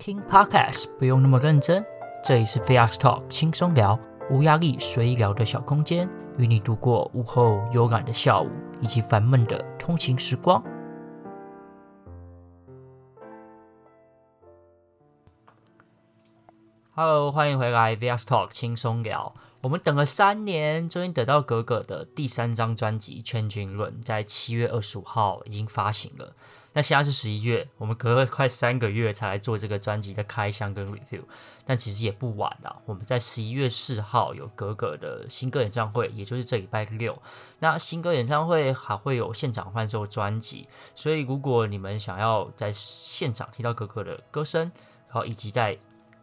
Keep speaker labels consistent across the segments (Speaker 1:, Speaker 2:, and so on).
Speaker 1: 聽 Podcast 不用那麼認真，這裡是 Fiasco Talk，輕鬆聊，無壓力，隨意聊的小空間，與你度過午後慵懶的下午，以及煩悶的通勤時光。Hello，歡迎回來 VS Talk 輕鬆聊。我們等了三年，終於等到格格的第三張專輯《CHANGING ROOM》在七月二十五號已經發行了。那現在是十一月，我們隔了快三個月才來做這個專輯的開箱跟 review，但其實也不晚了。我們在十一月四號有格格的新歌演唱會，也就是這禮拜六。那新歌演唱會還會有現場販售專輯，所以如果你們想要在現場聽到格格的歌聲，然後以及在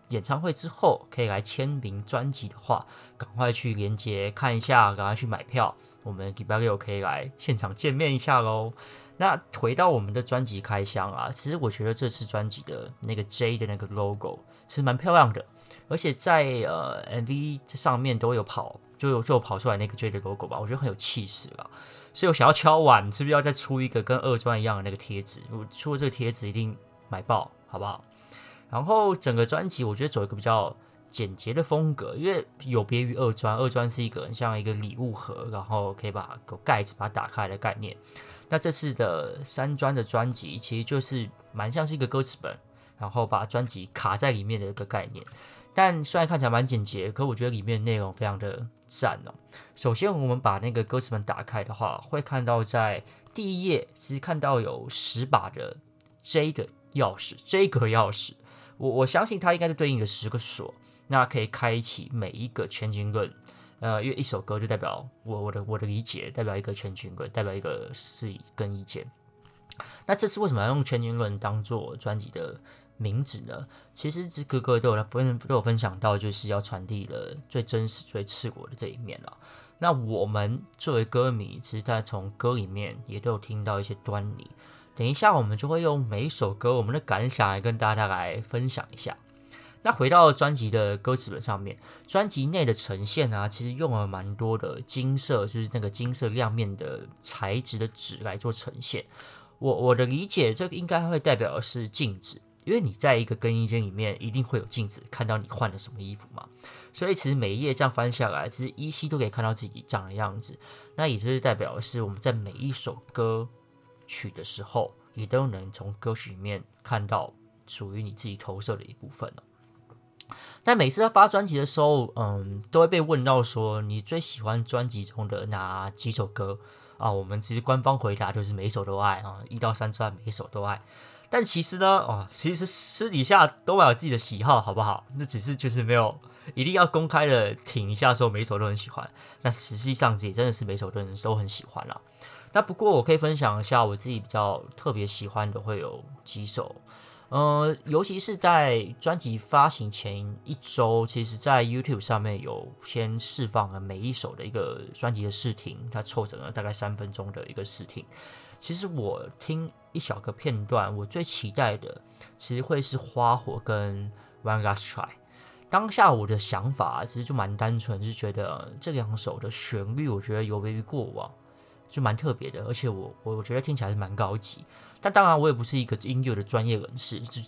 Speaker 1: 演唱會之後可以來簽名專輯的話，趕快去連結看一下，趕快去買票。我們禮拜六可以來現場見面一下嘍。那回到我們的專輯開箱啊，其實我覺得這次專輯的那個 J 的那個 logo 其實蠻漂亮的，而且在呃 MV 這上面都有跑，就有就有跑出來那個 J 的 logo 吧，我覺得很有氣勢啊。所以我想要敲碗，是不是要再出一個跟二專一樣的那個貼紙？我出了這個貼紙一定買爆，好不好？然後整個專輯，我覺得走一個比較簡潔的風格，因為有別於二專，二專是一個很像一個禮物盒，然後可以把蓋子把它打開的概念。那這次的三專的專輯，其實就是蠻像是一個歌詞本，然後把專輯卡在裡面的一個概念。但雖然看起來蠻簡潔，可我覺得裡面的內容非常的讚哦。首先，我們把那個歌詞本打開的話，會看到在第一頁，其實看到有十把的 J 的鑰匙，J 格鑰匙。我我相信它應該是對應的十個鎖，那可以開啟每一個 CHANGING ROOM。呃，因為一首歌就代表我我的我的理解代，代表一個 CHANGING ROOM，代表一個事跟意見。那這次為什麼要用 CHANGING ROOM 當做專輯的名字呢？其實這格格都有分都有分享到，就是要傳遞了最真實、最赤裸的這一面了。那我們作為歌迷，其實在從歌裡面也都有聽到一些端倪。等一下，我們就會用每一首歌我們的感想來跟大家來分享一下。那回到專輯的歌詞本上面，專輯內的呈現啊，其實用了蠻多的金色，就是那個金色亮面的材質的紙來做呈現。我我的理解，這個應該會代表的是鏡子，因為你在一個更衣間裡面一定會有鏡子，看到你換了什麼衣服嘛。所以其實每一頁這樣翻下來，其實依稀都可以看到自己長的樣子。那也就是代表的是我們在每一首歌。曲的時候，也都能從歌曲裡面看到屬於你自己投射的一部分了。那每次在發專輯的時候，嗯，都會被問到說，你最喜歡專輯中的哪幾首歌啊？我們其實官方回答就是每一首都愛啊，一到三專每一首都愛。但其實呢，哦、啊，其實私底下都還有自己的喜好，好不好？那只是就是沒有一定要公開的挺一下說每一首都很喜歡。那實際上也真的是每一首都都很喜歡了、啊。那不過我可以分享一下我自己比較特別喜歡的會有幾首，呃，尤其是在專輯發行前一周，其實在 YouTube 上面有先釋放了每一首的一個專輯的試聽，它湊整了大概三分鐘的一個試聽。其實我聽一小個片段，我最期待的其實會是花火跟 One Last Try。當下我的想法其實就蠻單純，是覺得這兩首的旋律我覺得有別於過往。就蠻特別的，而且我我我覺得聽起來是蠻高級，但當然我也不是一個音樂的專業人士，就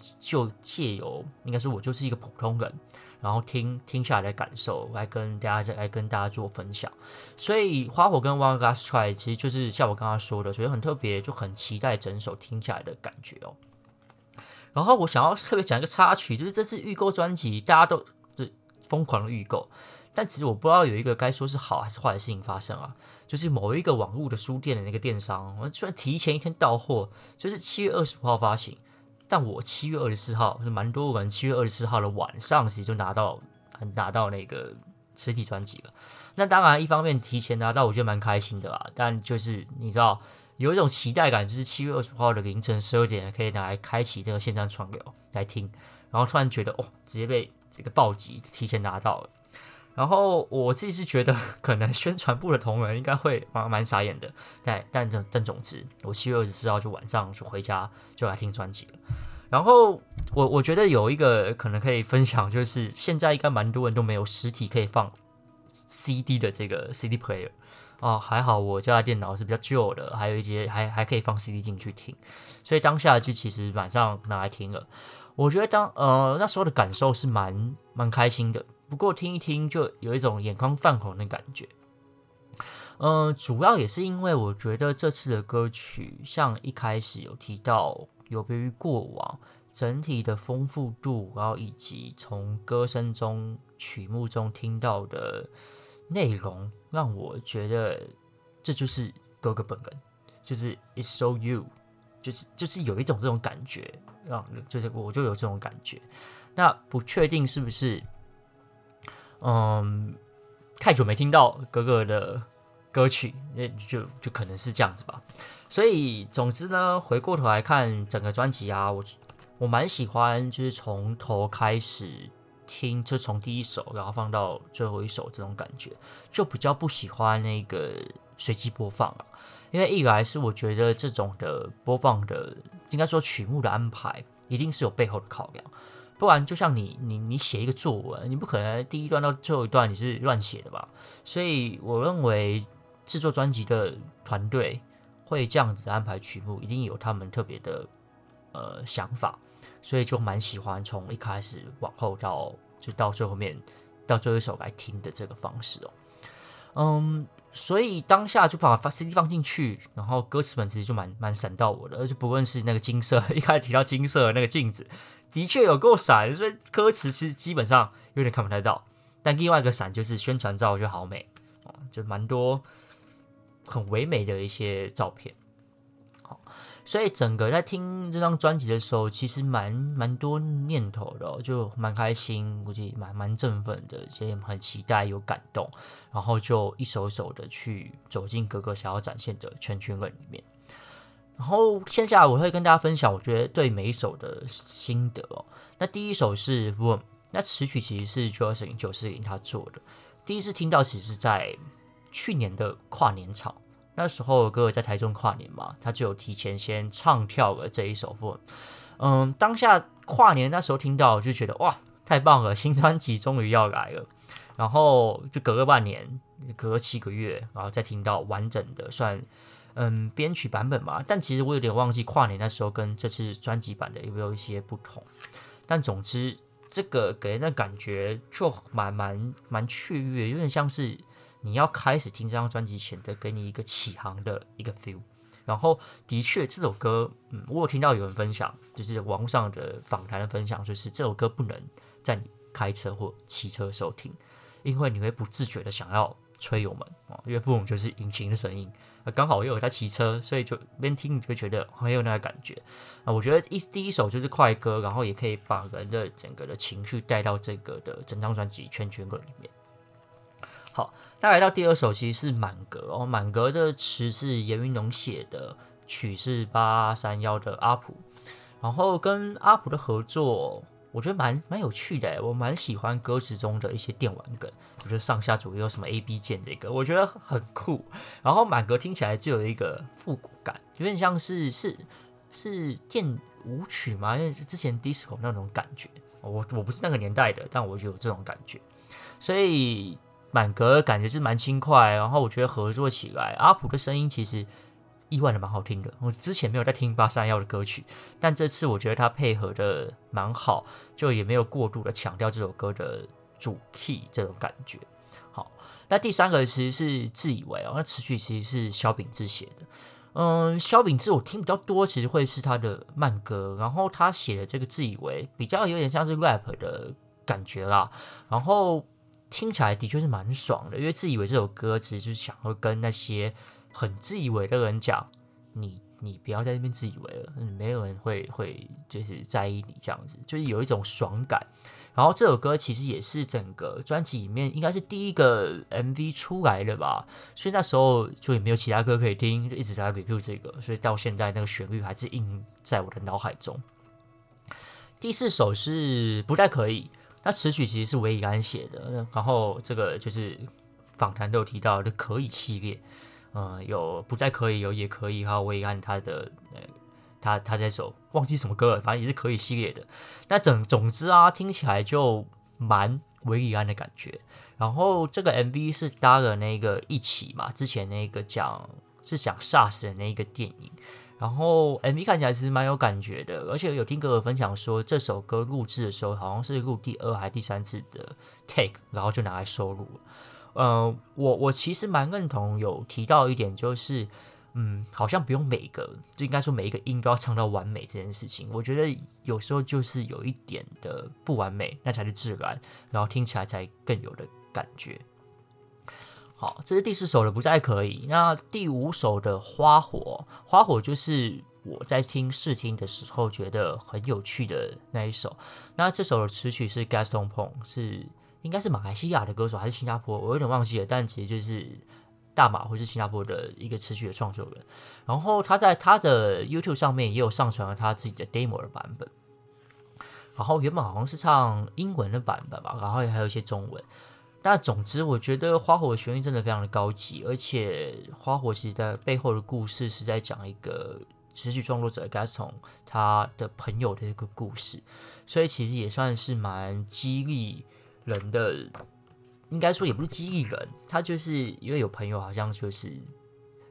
Speaker 1: 就借由應該是我就是一個普通人，然後聽聽下來的感受來跟大家再來跟大家做分享，所以花火跟 One Last Try 其實就是像我剛剛說的，所以很特別，就很期待整首聽下來的感覺哦。然後我想要特別講一個插曲，就是這次預購專輯大家都就瘋狂的預購。但其實我不知道有一個該說是好還是壞的事情發生啊，就是某一個網絡的書店的那個電商，雖然提前一天到貨，就是七月二十五號發行，但我七月二十四號是蠻多人七月二十四號的晚上，其實就拿到拿到那個實體專輯了。那當然一方面提前拿到，我覺得蠻開心的啦。但就是你知道有一種期待感，就是七月二十五號的凌晨十二點可以拿來開啟這個線上串流來聽，然後突然覺得哇、哦，直接被這個暴擊提前拿到了。然後我自己是覺得，可能宣傳部的同仁應該會蠻蠻傻眼的，但但但總之，我七月二十四號就晚上就回家就來聽專輯了。然後我我覺得有一個可能可以分享，就是現在應該蠻多人都沒有實體可以放 CD 的這個 CD player 哦、啊，還好我家的電腦是比較舊的，還有一些還還可以放 CD 進去聽，所以當下就其實馬上拿來聽了。我覺得當呃那時候的感受是蠻蠻開心的。不過聽一聽就有一種眼眶泛紅的感覺，呃，嗯,主要也是因為我覺得這次的歌曲，像一開始有提到，有別於過往整體的豐富度，然後以及從歌聲中曲目中聽到的內容，讓我覺得這就是格格本人，就是 it's so you，就是就是有一種這種感覺，讓就是我就有這種感覺，那不確定是不是。嗯，太久沒聽到格格的歌曲，那就就可能是這樣子吧。所以總之呢，回過頭來看整個專輯啊，我我蠻喜歡就是從頭開始聽，就從第一首然後放到最後一首這種感覺，就比較不喜歡那個隨機播放啊。因為一來是我覺得這種的播放的，應該說曲目的安排一定是有背後的考量。不然，就像你你你寫一個作文，你不可能第一段到最後一段你是亂寫的吧？所以，我認為制作專輯的團隊會這樣子安排曲目，一定有他們特別的呃想法。所以，就蠻喜歡從一開始往後到就到最後面到最後一首來聽的這個方式哦。嗯，所以當下就把 CD 放進去，然後歌詞本其實就蠻蠻閃到我的，而且不論是那個金色一開始提到金色的那個鏡子。的確有夠閃，所以歌詞是基本上有點看不太到。但另外一個閃就是宣傳照，就好美哦，就蠻多很唯美的一些照片。好，所以整個在聽這張專輯的時候，其實蠻蠻多念頭的哦，就蠻開心，估計蠻蠻振奮的，其實也很期待，有感動，然後就一首一首的去走進格格想要展現的圈圈論裡面。然後接下來我會跟大家分享，我覺得對每一首的心得哦。那第一首是《Warm》，那詞曲其實是 Justin 940讓他做的。第一次聽到其實是在去年的跨年場，那時候哥哥在台中跨年嘛，他就有提前先唱跳了這一首《Warm》。嗯，當下跨年那時候聽到，就覺得哇，太棒了！新專輯終於要來了。然後就隔個半年，隔七個月，然後再聽到完整的，算。嗯，編曲版本嘛，但其實我有點忘記跨年那時候跟這次專輯版的有沒有一些不同。但總之，這個給人的感覺就蠻蠻蠻雀躍，有點像是你要開始聽這張專輯前的給你一個起航的一個 feel。然後的確，這首歌，嗯，我有聽到有人分享，就是網上的訪談的分享，就是這首歌不能在你開車或騎車時候聽，因為你會不自覺的想要。吹油門啊，因為父母就是引擎的聲音啊，剛好又有他騎車，所以就邊聽你就會覺得很有那個感覺啊。我覺得一第一首就是快歌，然後也可以把人的整個的情緒帶到這個的整張專輯《圈圈》裡面。好，那來到第二首其實是《滿格》喔，哦。《滿格》的詞是嚴雲農寫的，曲是八三夭的阿普，然後跟阿普的合作。我覺得蠻蠻有趣的誒，我蠻喜歡歌詞中的一些電玩梗。我覺得上下左右什麼 A B 鍵這個，我覺得很酷。然後滿格聽起來就有一個復古感，有點像是是是電舞曲嘛，因為之前 disco 那種感覺。我我不是那個年代的，但我就有這種感覺。所以滿格感覺就蠻輕快，然後我覺得合作起來，阿普的聲音其實。意外的蠻好聽的，我之前沒有在聽八三夭的歌曲，但這次我覺得他配合的蠻好，就也沒有過度的強調這首歌的主 key 這種感覺。好，那第三個其實是自以為哦，那詞曲其實是蕭秉治寫的，嗯，蕭秉治我聽比較多，其實會是他的慢歌，然後他寫的這個自以為比較有點像是 rap 的感覺啦，然後聽起來的確是蠻爽的，因為自以為這首歌其實就是想要跟那些。很自以為的人講，你、你不要在那邊自以為了，沒有人會、會就是在意你這樣子，就是有一種爽感。然後這首歌其實也是整個專輯裡面應該是第一個 MV 出來的吧，所以那時候就也沒有其他歌可以聽，就一直在 review 這個，所以到現在那個旋律還是印在我的腦海中。第四首是不太可以，那詞曲其實是維以安寫的，然後這個就是訪談都有提到的可以系列。嗯，有不再可以有也可以哈，韋禮安他的呃，他他這首忘記什麼歌了，反正也是可以系列的。那整總之啊，聽起來就蠻韋禮安的感覺。然後這個 MV 是搭了那個一起嘛，之前那個講是講 SARS 的那個電影。然後 MV 看起來是蠻有感覺的，而且有聽哥哥分享說，這首歌錄製的時候好像是錄第二還是第三次的 take，然後就拿來收錄。呃，我我其實蠻認同有提到一點，就是，嗯，好像不用每個，就應該說每一個音都要唱到完美這件事情。我覺得有時候就是有一點的不完美，那才是自然，然後聽起來才更有的感覺。好，這是第四首的不太可以。那第五首的花火，花火就是我在聽試聽的時候覺得很有趣的那一首。那這首的詞曲是 Gaston Pong 是。應該是馬來西亞的歌手還是新加坡，我有點忘記了。但其實就是大馬或是新加坡的一個詞曲的創作人。然後他在他的 YouTube 上面也有上傳了他自己的 Demo 的版本。然後原本好像是唱英文的版本吧，然後也還有一些中文。但總之，我覺得《花火》的旋律真的非常的高級，而且《花火》其實在背後的故事是在講一個詞曲創作者 Gaston 他的朋友的一個故事，所以其實也算是蠻激勵。人的，應該說也不是激勵人，他就是因為有朋友好像就是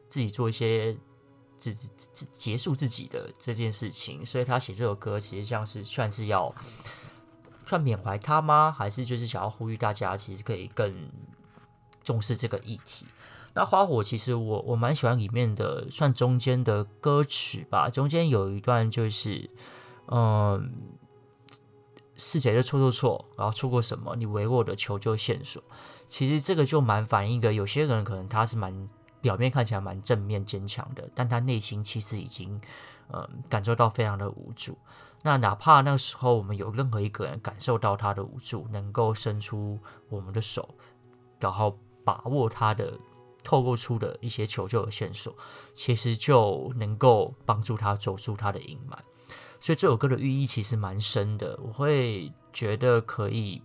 Speaker 1: 自己做一些自自自結束自己的這件事情，所以他寫這首歌其實像是算是要算緬懷他嗎？還是就是想要呼籲大家其實可以更重視這個議題？那花火其實我我蠻喜歡裡面的算中間的歌曲吧，中間有一段就是嗯。呃是誰的錯？錯錯，然後錯過什麼？你委我的求救線索，其實這個就蠻反映一個，有些人可能他是蠻表面看起來蠻正面堅強的，但他內心其實已經，呃，感受到非常的無助。那哪怕那時候我們有任何一個人感受到他的無助，能夠伸出我們的手，然後把握他的，透過出的一些求救的線索，其實就能夠幫助他走出他的陰霾。所以這首歌的寓意其實蠻深的，我會覺得可以，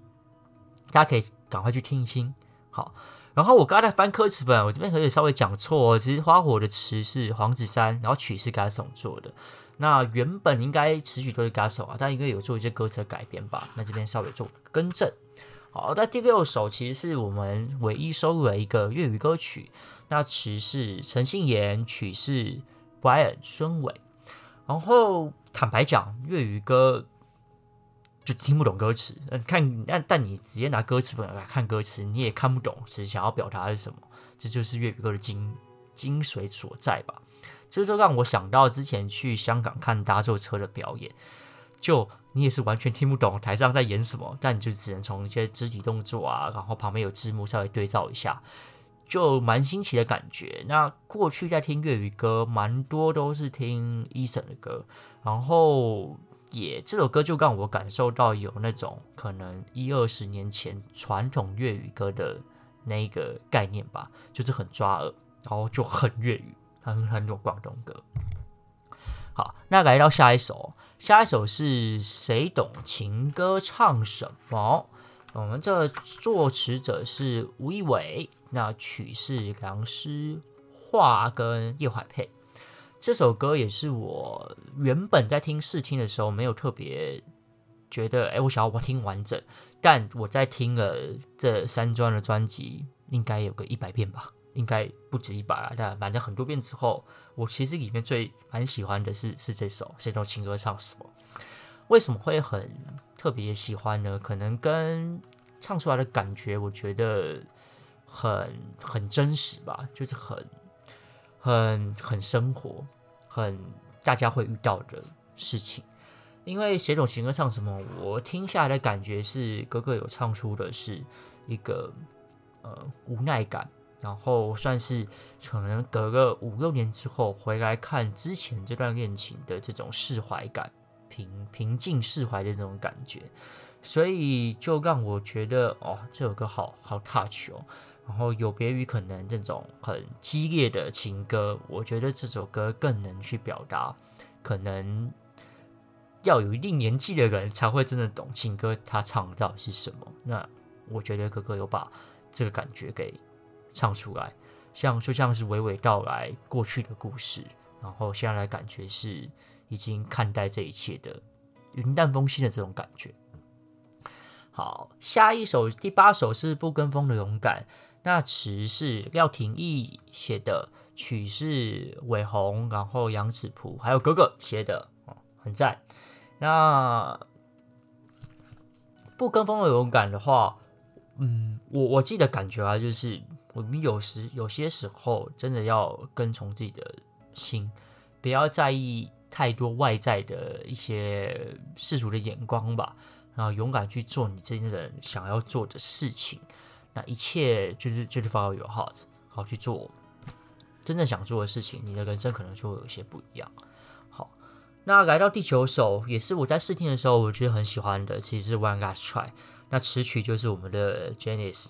Speaker 1: 大家可以趕快去聽一聽。好，然後我剛才在翻歌詞本，我這邊可以稍微講錯哦。其實《花火》的詞是黃子珊，然後曲是 GASO 做的。那原本應該詞曲都是 GASO 啊，但應該有做一些歌詞的改編吧？那這邊稍微做更正。好，那第六首其實是我們唯一收錄的一個粵語歌曲，那詞是陳信延，曲是 Brian 孫偉，然後。坦白講，粵語歌就聽不懂歌詞。嗯，看，但但你直接拿歌詞本來看歌詞，你也看不懂其實想要表達的是什麼。這就是粵語歌的精精髓所在吧。這就讓我想到之前去香港看搭錯車的表演，就你也是完全聽不懂台上在演什麼，但你就只能從一些肢體動作啊，然後旁邊有字幕稍微對照一下，就蠻新奇的感覺。那過去在聽粵語歌，蠻多都是聽 Eason 的歌。然後也這首歌就讓我感受到有那種可能一二十年前傳統粵語歌的那個概念吧，就是很抓耳，然後就很粵語，很很有廣東歌。好，那來到下一首，下一首是誰懂情歌唱什麼？我們這作詞者是吳易緯，那曲是梁思華跟葉懷佩。這首歌也是我原本在聽試聽的時候沒有特別覺得，哎，我想要我聽完整。但我在聽了這三專的專輯，應該有個一百遍吧，應該不止一百啊，那反正很多遍之後，我其實裡面最蠻喜歡的是是這首《誰懂情歌唱什麼》。為什麼會很特別喜歡呢？可能跟唱出來的感覺，我覺得很很真實吧，就是很。很很生活，很大家會遇到的事情，因為寫這種情歌唱什麼，我聽下來的感覺是，格格有唱出的是一個呃無奈感，然後算是可能隔個五六年之後回來看之前這段戀情的這種釋懷感，平平靜釋懷的那種感覺。所以就讓我覺得哦，這首歌好好 touch 哦，然後有別於可能這種很激烈的情歌，我覺得這首歌更能去表達，可能要有一定年紀的人才會真的懂情歌，他唱到底是什麼。那我覺得格格有把這個感覺給唱出來，像就像是娓娓道來過去的故事，然後現在的感覺是已經看待這一切的雲淡風輕的這種感覺。好，下一首第八首是不跟風的勇敢，那詞是廖廷義寫的，曲是韋紅，然後楊子譜還有哥哥寫的，哦，很讚。那不跟風的勇敢的話，嗯，我我自己的感覺啊，就是我們有時有些時候真的要跟從自己的心，不要在意太多外在的一些世俗的眼光吧。然後勇敢去做你真正想要做的事情，那一切就是就是 follow your heart，好去做真正想做的事情，你的人生可能就會有些不一樣。好，那來到第九首也是我在試聽的時候我覺得很喜歡的，其實 One Last Try。那詞曲就是我們的 Janice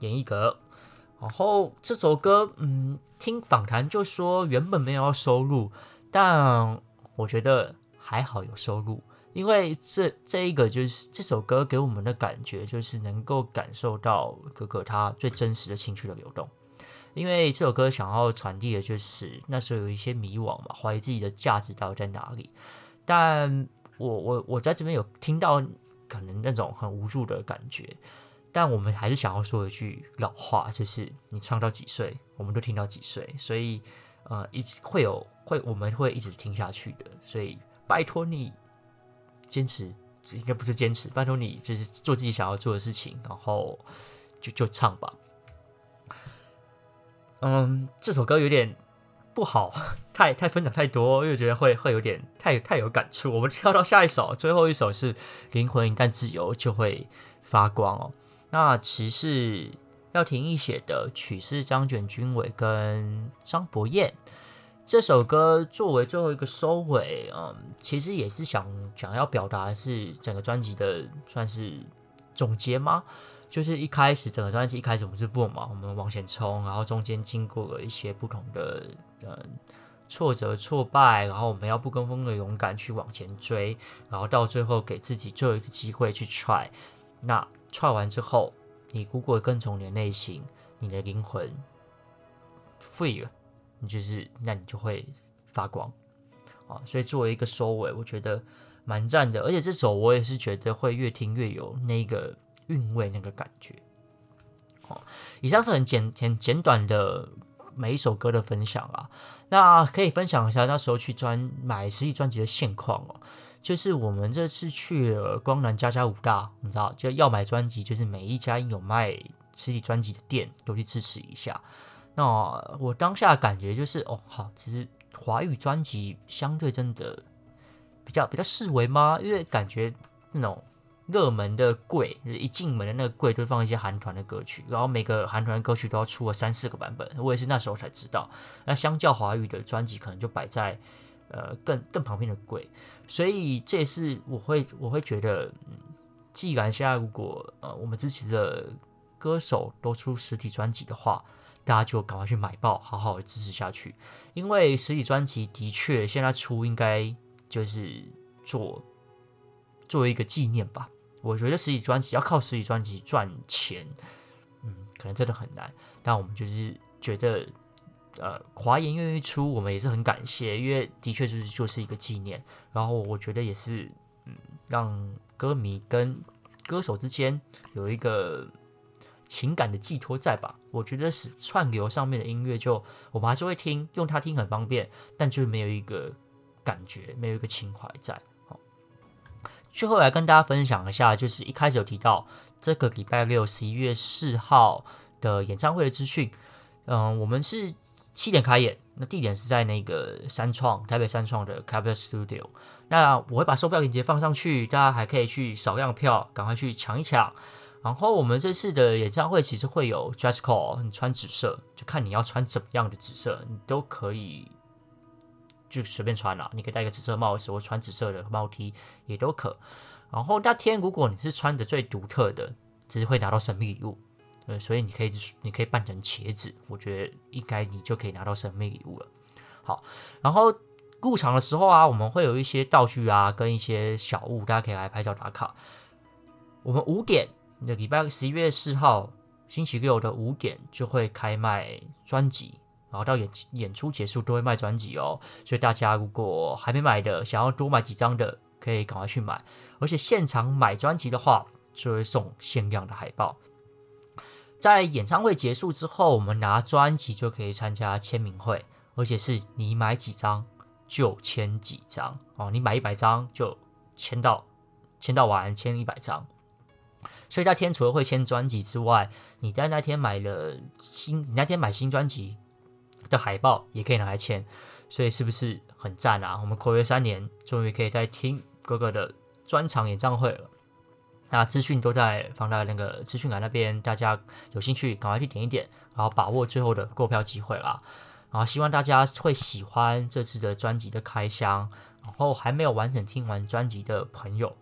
Speaker 1: 閻奕格。然後這首歌嗯聽訪談就說原本沒有要收錄，但我覺得還好有收錄。因為這這一個就是這首歌給我們的感覺，就是能夠感受到格格他最真實的情緒的流動。因為這首歌想要傳遞的就是那時候有一些迷惘嘛，懷疑自己的價值到底在哪裡。但我我我在這邊有聽到可能那種很無助的感覺，但我們還是想要說一句老話，就是你唱到幾歲，我們都聽到幾歲。所以呃，一直會有會，我們會一直聽下去的。所以拜託你。堅持，應該不是堅持，拜託你，就是做自己想要做的事情，然後就就唱吧。嗯，這首歌有點不好，太太分享太多，又覺得會會有點太太有感觸。我們跳到下一首，最後一首是《靈魂一旦自由就會發光》哦。那詞是廖廷義寫的，曲是張簡君偉跟張博彥。這首歌作為最後一個收尾，嗯，其實也是想想要表達的是整個專輯的算是總結嗎？就是一開始整個專輯，一開始我們是做 o 嘛，我們往前衝，然後中間經過了一些不同的、嗯、挫折挫敗，然後我們要不跟風的勇敢去往前追，然後到最後給自己最後一次機會去 try。那 try 完之後，你如果跟從你的內心，你的靈魂 free 了。你就是，那你就會發光啊，哦！所以作為一個收尾，欸，我覺得蠻讚的。而且這首我也是覺得會越聽越有那個韻味，那個感覺。好，哦，以上是很簡、很簡短的每一首歌的分享啊。那可以分享一下那時候去專買實體專輯的現況哦，啊。就是我們這次去了光南、加加五大，你知道，就要買專輯，就是每一家有賣實體專輯的店都去支持一下。那、哦、我當下感覺就是哦，好，其實華語專輯相對真的比較比較式微嗎？因為感覺那種熱門的櫃，就是、一進門的那個櫃都放一些韓團的歌曲，然後每個韓團的歌曲都要出了三四個版本。我也是那時候才知道，那相較華語的專輯可能就擺在呃更更旁邊的櫃，所以這也是我會我會覺得，既然現在如果呃我們支持的歌手都出實體專輯的話。大家就趕快去買爆，好好的支持下去。因為實體專輯的確現在出，應該就是做作為一個紀念吧。我覺得實體專輯要靠實體專輯賺錢，嗯，可能真的很難。但我們就是覺得，呃，華研願意出，我們也是很感謝，因為的確就是就是一個紀念。然後我覺得也是，嗯，讓歌迷跟歌手之間有一個。情感的寄託在吧，我覺得是串流上面的音樂就，就我們還是會聽，用它聽很方便，但就沒有一個感覺，沒有一個情懷在。好，最後來跟大家分享一下，就是一開始有提到這個禮拜六十一月四號的演唱會的資訊，嗯，我們是七點開演，那地點是在那個三創台北三創的 Clapper Studio，那我會把售票鏈接放上去，大家還可以去少量票，趕快去搶一搶。然後我們這次的演唱會其實會有 dress code，你穿紫色，就看你要穿怎麼樣的紫色，你都可以就隨便穿了、啊。你可以戴個紫色帽子，或穿紫色的帽 T 也都可。然後那天如果你是穿的最獨特的，只是會拿到神秘禮物。呃，所以你可以你可以扮成茄子，我覺得應該你就可以拿到神秘禮物了。好，然後入場的時候啊，我們會有一些道具啊，跟一些小物，大家可以來拍照打卡。我們五點。那禮拜十一月四號星期六的五點就會開賣專輯，然後到演演出結束都會賣專輯哦。所以大家如果還沒買的，想要多買幾張的，可以趕快去買。而且現場買專輯的話，就會送限量的海報。在演唱會結束之後，我們拿專輯就可以參加簽名會，而且是你買幾張就簽幾張哦。你買一百張就簽到，簽到完簽一百張。所以那天除了會簽專輯之外，你在那天買了新，你那天買新專輯的海報也可以拿來簽，所以是不是很讚啊？我們睽違三年，終於可以再聽格格的專場演唱會了。那資訊都在放在那個資訊欄那邊，大家有興趣趕快去點一點，然後把握最後的購票機會啦。然後希望大家會喜歡這次的專輯的開箱，然後還沒有完整聽完專輯的朋友，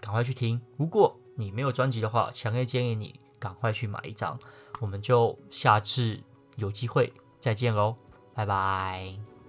Speaker 1: 趕快去聽。不過，你沒有專輯的話，強烈建議你趕快去買一張。我們就下次有機會再見嘍，拜拜。